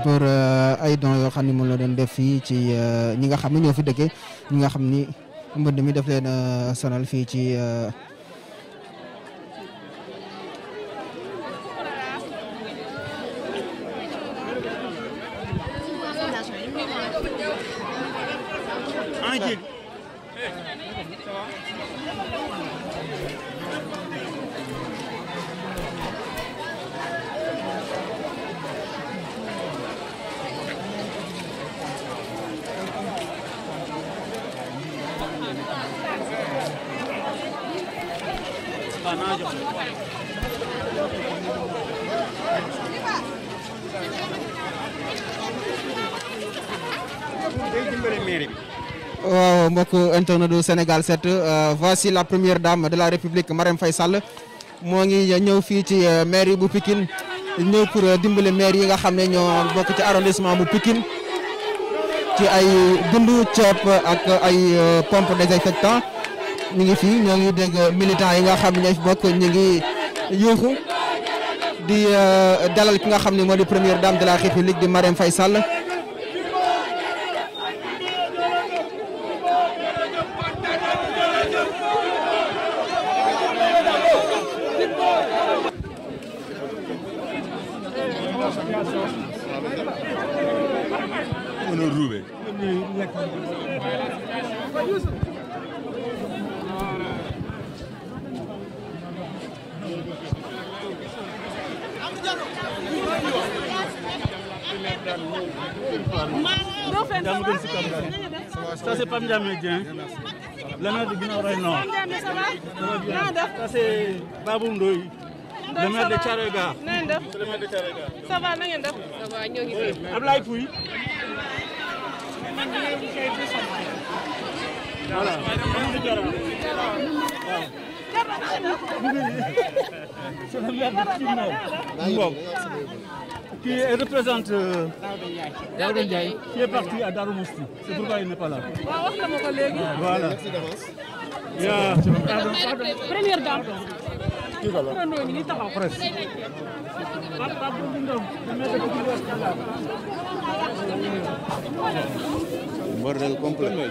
pour euh, ay dons yoo xam ne moom la doon def fii ci euh, ñi nga xam ne ñoo fi dëkkee ñi nga xam ni mbënd mi daf leen euh, sonal fii ci. waaw oh, mbokk internet du Sénégal 7 euh, voici la première dame de la République Marème fay Sall moo ngi ñëw fii ci euh, mairie bu Pikine ñëw pour euh, dimbale maire yi nga xam ne ñoo mbokk ci arrondissement bu Pikine ci ay dundu ceeb ak ay pompe désinfectant ñu ngi fii ñoo ngi dégg militants yi nga xam ne ñu ngi yuuxu di euh, dalal ki nga xam ne moo di première dame de la république di Marème Faye Sall. Ça c'est Pam Diamé Dieng. Le du Guinaw Rail Nord. Ça c'est Babou Ndoye. le maire de Thiaroye Gare. le maire de Thiaroye Gare. ça va na ngeen def. ça va ñoo ngi fi. Mbom, qui représente euh, Daouda Ndiaye, qui est parti à Darou Mousti. C'est pourquoi il n'est pas là. Voilà. Il y a... Première dame. Bordel complet.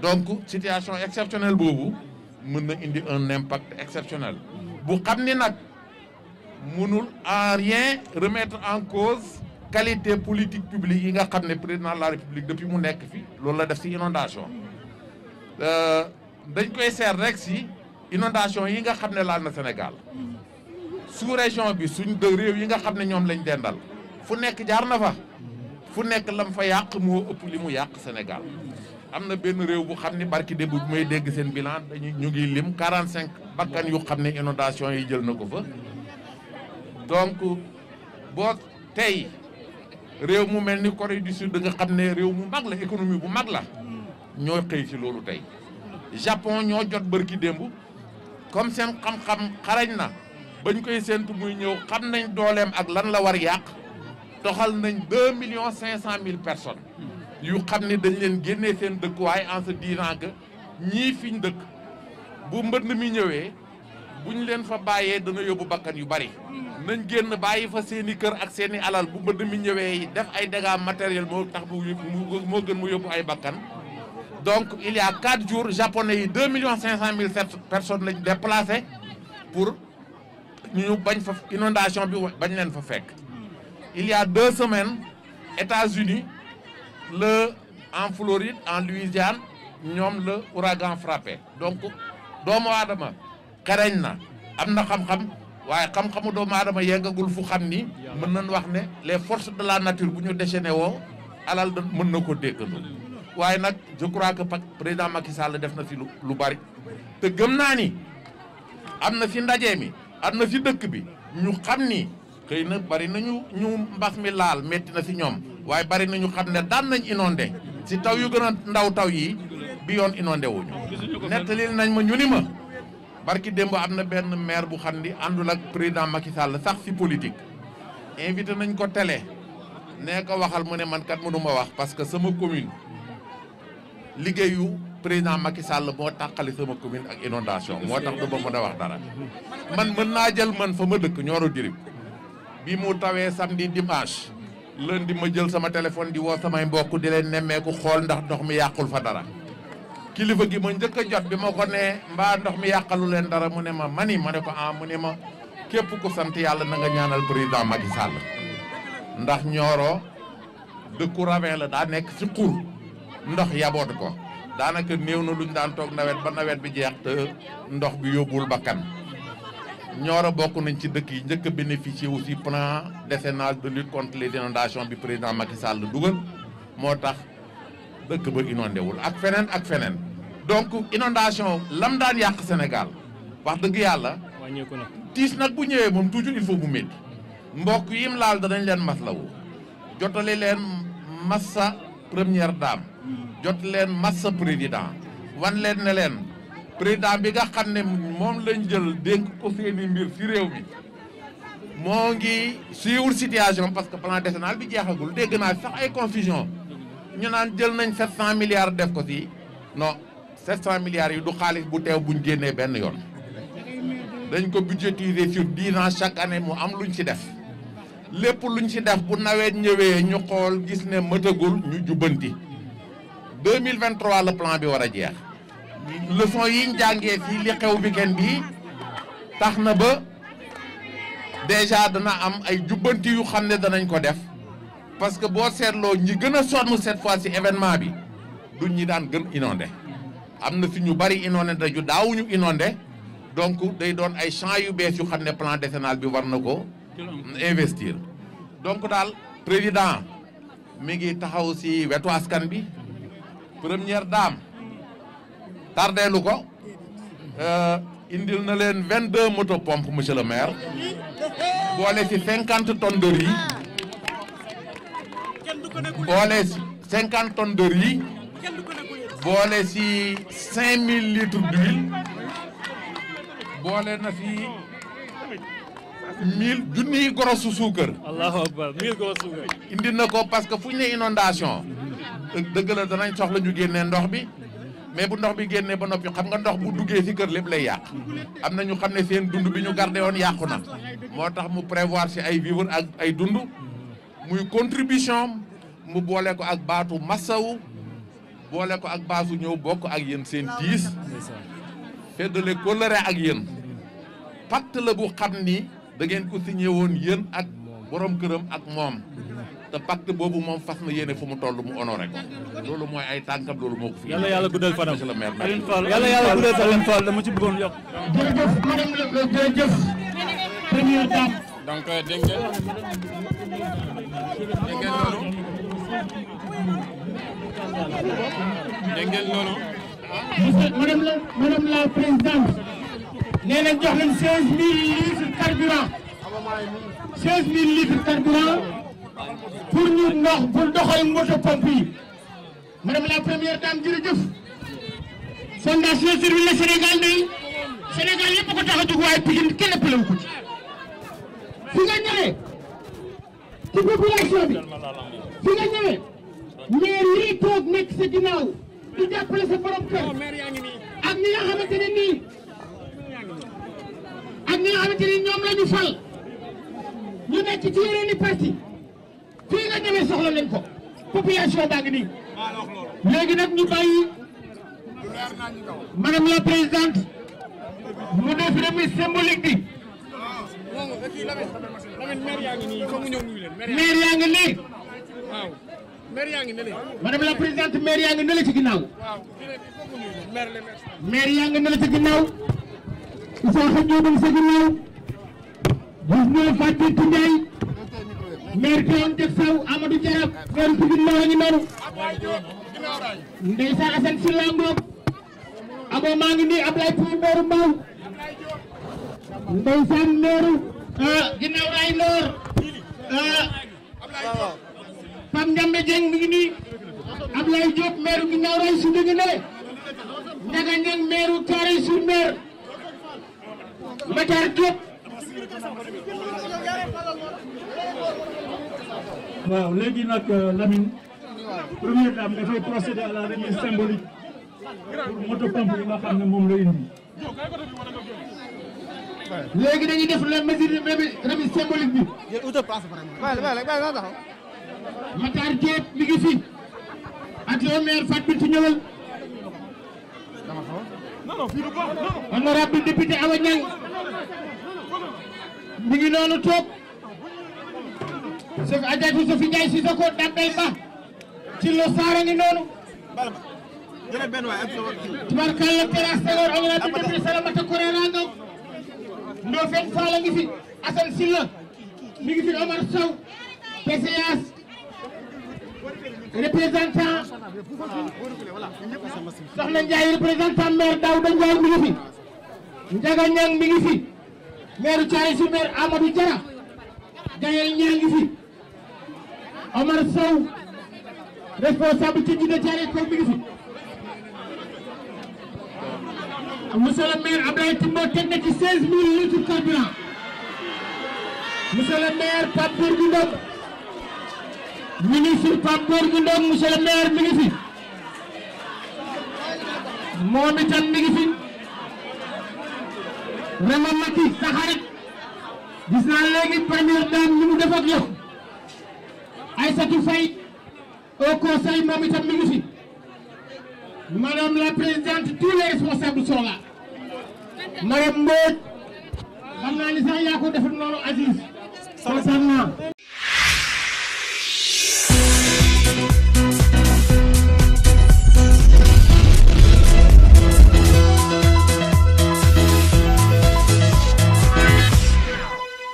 donc situation exceptionnelle boobu mën na indi un impact exceptionnel bu xam ni nag mënul en rien remettre en cause qualité politique publique yi nga xam ne président de la république depuis mu nekk fi loolu la def si inondation euh, dañ koy seet rek si inondation yi nga xam ne laal na Sénégal sous région bi suñ de réew yi nga xam ne ñoom lañ dendal fu nekk jaar na fa fu nekk lam fa yàq moo ëpp li mu yàq senegal am na benn réew bu xam ne barki démb bu may dégg seen bilan dañu ñu ngi lim 45 bakkan yu xam ne inondation yi jël na ko fa donc boo tey réew mu mel ni Corée du Sud xam ne réew mu mag la économie bu mag la ñoo xëy ci loolu tey Japon ñoo jot bërki démb comme seen xam-xam xarañ na bañ koy séentu muy ñëw xam nañ dooleem ak lan la war yàq toxal nañ deux millions cinq cent mille personnes yu xam ne dañu leen génnee seen dëkkuwaay en se disant que ñii fiñ dëkk bu mbënd mi ñëwee buñ leen fa bàyyee dana yóbbu bakkan yu bari nañ génn bàyyi fa seeni kër ak seeni i alal bu mbënd mi ñëwee def ay dégâts matériels moo tax mu moo gën mu yóbbu ay bakkan donc il y a jours japonais yi deux millions cinq cent mille sept personnes lañ déplacé pour ñu bañ fa inondation bi bañ leen fa fekk il y a deux semaines états le en Floride en Louisiane ñoom la ouragan frappé donc doomu aadama xereñ na am na xam-xam waaye xamxamu xamu doomu aadama yeggagul fu xam ni mën nañ wax ne les forces de la nature bu ñu déchaîné woo alal mën na ko déggandu waaye nag je crois que président Macky Sall def na fi lu bari te gëm naa ni am na fi ndaje mi am na fi dëkk bi ñu xam ni xëy na bari nañu ñu mbas mi laal metti na fi ñoom waaye bari nañu xam ne daan nañ inondé si taw yu gën a ndaw taw yi bi yoon inondé wuñu nettalil nañ ma ñu ni ma barki démb am na benn maire bu xam ni àndul ak président Macky Sall sax si politique invité nañ ko télé nee ko waxal mu ne man kat mënuma wax parce que sama commune liggéeyu président Macky Sall moo tàqali sama commune ak inondation moo tax du ma mën a wax dara man mën naa jël man fa ma dëkk Nioro Dirib bi mu tawee samedi dimanche di ma jël sama téléphone di woo samay mbokk di leen ku xool ndax ndox mi yàqul fa dara kilifa gi ma njëkk a jot bi ma ko nee mbaa ndox mi yàqalu leen dara mu ne ma mani ma ne ko ah mu ne ma képp ku sant yàlla na nga ñaanal président Macky Sall ndax Nioro dëkku ravin la daa nekk ci xur ndox yaboot ko daanaka néew na luñ daan toog nawet ba nawet bi jeex te ndox bi yóbbul bakkan Nioro bokk nañ ci dëkk yi njëkk a bénéficier aussi plan décennal de lutte contre les inondations bi président Macky Sall dugal moo tax dëkk ba inondé ak feneen ak feneen. donc inondation lam daan yàq Sénégal wax dëgg yàlla. wàññeeku na tiis nag bu ñëwee moom toujours il faut bu métti. mbokk yim laal danañ leen mas maslawu jotali leen massa première dame. jot leen massa président. wan leen ne leen président bi nga xam ne moom lañ jël dénk ko seeni mbir ci réew mi. moo ngi suivre situation parce que plan décennal bi jeexagul dégg naa sax ay confusion ñu naan jël nañ 700 milliards def ko ci non. sept cent yi du xaalis bu teew buñ génnee benn yoon dañ ko budgétiser sur dix ans chaque année mu am luñ ci def lépp luñ ci def bu nawet ñëwee ñu xool gis ne mëtagul ñu jubbanti 2023 le plan bi war a jeex leçon yi jàngee fii li xew weekend bi tax na ba déjà dana am ay jubbanti yu xam ne danañ ko def parce que boo seetloo ñi gën a sonn cette fois ci événement bi duñ ñi daan gën inondé am na fi ñu bari inondé ju daawuñu inondé donc day doon ay champs yu bees yu xam ne plan décennal bi war na ko investir donc daal président mi ngi taxaw si wetu askan bi première daam tardeelu ko euh, indi na leen vingt moto pompe monsieur le maire boole si cinquante tonnes yi boole cinquante tonnes de boole si 5000 litres d'huile boole na fi 1000 junniy gorosu suukar. allahu akbar indi na ko parce que fu ñu ne inondation. dëgg la danañ soxla ñu génnee ndox bi. mais bu ndox bi génnee ba noppi xam nga ndox bu duggee ci kër lépp lay yàq am na ñu xam ne seen dund bi ñu gardé woon yàqu na moo tax mu prévoir si ay vivre ak ay dund muy contribution mu boole ko ak baatu massawu boole ko ak baasu ñëw bokk ak yéen seen diis feddale kóllëre ak yéen pacte la bu xam ni da ngeen ko signé woon yéen ak borom këram ak moom te pacte boobu moom fas na yéene fu mu toll mu honoré ko loolu mooy ay tànkam loolu moo ko fi yàlla yàlla guddal fanam monsieur le maire Alioune Fall yàlla yàlla guddal fanam Fall dama ci bëggoon yokk dégg ngeen loolu. la madame la jox leen 16000 litres carburant. 16000 litres carburant pour ñu ndox pour doxal moto pompe yi. madame la première dame jërëjëf. sondage la service la Sénégal day Sénégal yëpp ko a jóg waaye Pikine kenn ëppalewu ko fi nga ñëwee. ci population bi. fi nga ñëwee. mais lii toog nekk sa ginnaaw di jàppale sa borom kër oh, ak ñi nga xamante ne nii ak ñi nga xamante ñoom la ñu fal ñu nekk ci yeneen i parti fii nga ñëwee soxla leen ko population baa ngi nii léegi nag ñu bàyyi madame la présidente mu def remise symbolique bi maire yaa ngi nii madame la présidente maire yaa ngi ne la ci yaa ngi ne la ci ginnaaw. Ousseynou Diop a ngi sa ginnaaw. gis nga Fatou Ndiaye. maire Thion Tek Sow Amadou Diarra maire Pikine Ndaw a ngi noonu. Ndeysa Assane Sylla ngoog. Abo maa ngi nii Ablaye Pouy maire Mbaw. Ndeysa maire. Ah, ginnaaw raay Loor. Ah, Ibrahima Dieng mi ngi nii Ablaye Diop maire ginnaaw ray si dëgg ne Ndiaga Niang maire Thiaroye sur Mer Matar Diop waaw léegi nag euh, Lamine première dame dafay procéder à la remise symbolique pour moto pompe yi nga xam ne moom la indi léegi dañuy def la mesure remise symbolique bi Matar Diop mi ngi fi ak le maire Fatou Bintou ñëwal honorable député Awa Niang mi ngi noonu toog chef Adjatou Sophie Ndiaye Ba ci saara ngi noonu tubarkalla terrasse Senghor honorable député Salamata Kourera Ndong Ndofène Fall a ngi fi Assane Sylla mi ngi fi Omar Sow représentant Soxna Ndiaye représentant maire Daouda Ndiaye mi ngi fi Ndiaga Niang mi ngi fi maire Thiaroye Sur Mer Amadou Diarra Gaël Niang ngi fi ci Djidah Thiaroye Kaw mi ngi fi monsieur le maire teg na ci 16000 litres carburant monsieur le maire Pape Gorgui Ndong ministre Pape Gorgui Ndong monsieur le maire mi mi ngi fi Rama Mati sa xarit gis naa léegi première dame ni mu def ak yow Aïssatou Faye au conseil moom mi ngi fi madame la présidente tous les responsables sont là madame Mbodj xam naa ni sax yaa ko defal noonu